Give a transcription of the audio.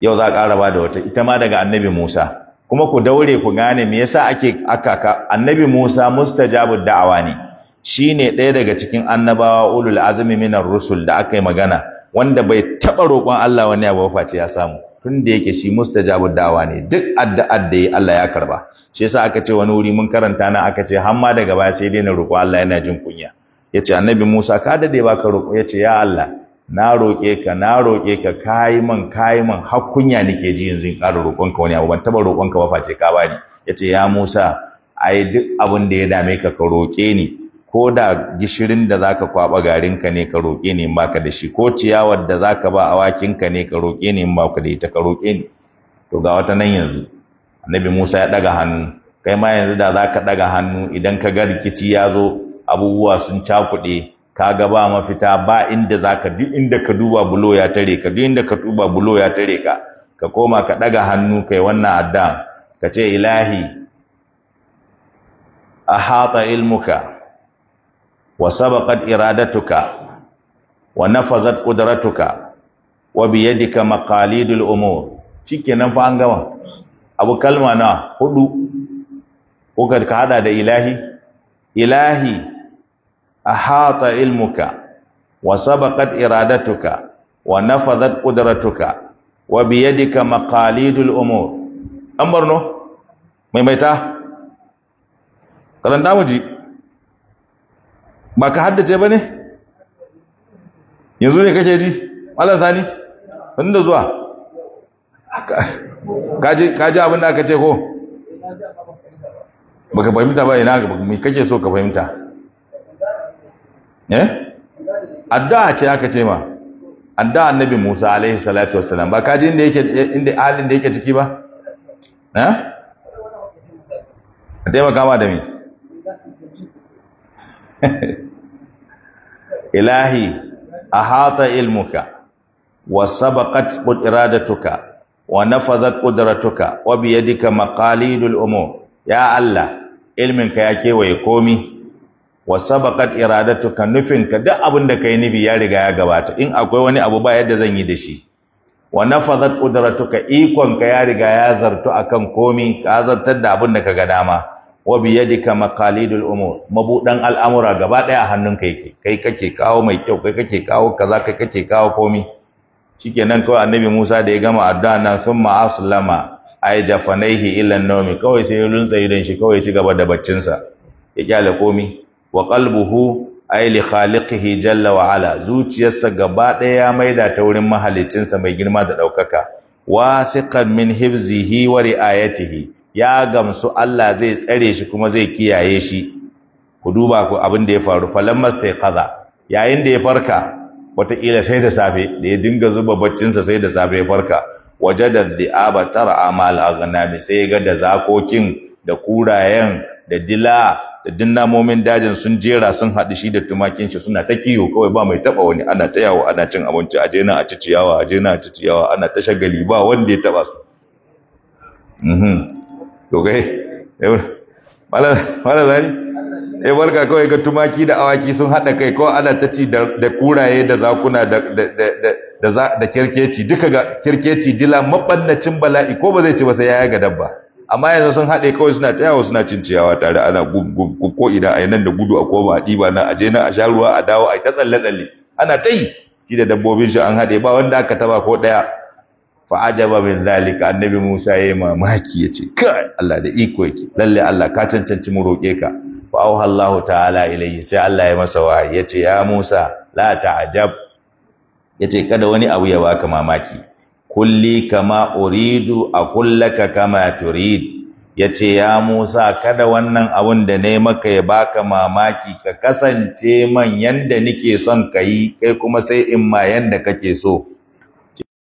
yau za a ƙara da wata ita ma daga annabi Musa kuma ku daure ku gane me yasa ake aka ka? annabi Musa mustajabu da'awa ne shine ɗaya daga cikin annabawa ulul azmi minar rusul da aka yi magana wanda bai taɓa roƙon Allah wani abu ba face ya samu tun da yake shi mustajabu da'awa ne duk addu'ar da yi Allah ya karba shi yasa aka ce wani wuri mun karanta nan aka ce har ma daga baya sai dai na roƙo Allah yana jin kunya yace annabi Musa ka dade ba ka roƙo yace ya Allah na roƙe ka na roƙe ka kai man kai man har kunya nake ji yanzu in ƙara roƙon ka wani abu ban taɓa roƙon ka ba face ka bani yace ya Musa ai duk abin da ya dame ka ka roƙe ni ko da gishirin da zaka kwaba garin ka ne ka roƙe ni in baka da shi ko ciyawar da zaka ba awakin ka ne ka roƙe ni in baka da ita ka roƙe ni to ga wata nan yanzu annabi Musa ya daga hannu kai ma yanzu da zaka daga hannu idan ka ga rikici ya zo abubuwa sun cakuɗe kaga ba mafita ba inda zaka duk inda ka duba bulo ya tare ka duk inda ka tuba bulo ya tare ka ka koma ka daga hannu kai wannan addan ka ce ilahi ahata ilmuka wa sabaqat iradatuka wa nafazat qudratuka wa yadika maqalidul umur shikenan fa an gama abu kalma na hudu ko ka hada da ilahi ilahi ahata ilmuka wa sabaqat iradatuka wa nafadhat qudratuka wa biyadika maqalidul umur an barno maimaita karanta muji ba ka haddace ba ne yanzu ne kake ji malar sani wani da zuwa kaji abin da aka ce ko ba ka fahimta ba ina ga kake so ka fahimta eh adda ce aka ce ma adda annabi Musa alaihi salatu wassalam ba ka ji inda yake inda alin da yake ciki ba eh a taimaka ma da mi ilahi ahata ilmuka wa sabaqat qudratuka wa nafazat qudratuka wa biyadika maqalidul umur ya allah ilmin ilminka ya kewaye komai wa sabaqat iradatuka nufinka duk abin da kai nufi ya riga ya gabata in akwai wani abu ba yadda zan yi da shi wa nafadhat qudratuka ka ya riga ya zartu akan komi ka zartar da abin da kaga dama wa biyadika maqalidul umur mabudan al'amura gaba daya a hannunka yake kai kake kawo mai kyau kai kake kawo kaza kai kake kawo komi shikenan kawai annabi Musa da ya gama addu'a nan thumma aslama ay jafanaihi ila nomi, kawai sai ya runtsa idan shi kawai ya ci gaba da baccin sa ya kyale komi wa qalbuhu ay li khaliqihi jalla wa ala zuciyarsa gaba ɗaya ya maida ta wurin mahalicinsa mai girma da ɗaukaka wathiqan min hifzihi wa riayatihi ya gamsu Allah zai tsare shi kuma zai kiyaye shi ku duba ku abin da ya faru falamma kaza. yayin da ya farka wataƙila sai da safe da ya dinga zuba baccinsa sai da safe ya farka wajada dhi'aba tar'a mal aghnami sai ga da zakokin da kurayen da dila din namomin dajin sun jera sun haɗu shi da tumakin shi suna ta kiyo kawai ba mai taɓa wani ana ta yawo ana cin abinci a jena a ci ciyawa a jena a ci ciyawa ana ta shagali ba wanda ya taɓa su mhm. to kai mala zani eh barka kawai ga tumaki da awaki sun haɗa kai kawai ana ta ci da kuraye da zakuna da da da kirkeci duka ga kirkeci dila mabannacin bala'i ko ba zai ci ba sai ya ga dabba amma yanzu sun haɗe kawai suna ta suna cin ciyawa tare ana gub ko ina a nan da gudu a koma a ɗiba nan a je nan a sha ruwa a dawo a ta tsalle tsalle ana ta yi shi da dabbobin shi an haɗe ba wanda aka taba ko ɗaya fa ajaba min zalika annabi Musa yayi mamaki yace kai Allah da iko yake lalle Allah ka cancanci mu roƙe ka fa auha Allah ta'ala ilayhi sai Allah ya masa wahayi yace ya Musa la ta'ajab yace kada wani abu ya baka mamaki kulli kama uridu a kullaka kama turid ya ce ya musa kada wannan abun da ne maka ya baka mamaki ka kasance man yanda nike son ka yi kai kuma sai in ma yanda kake so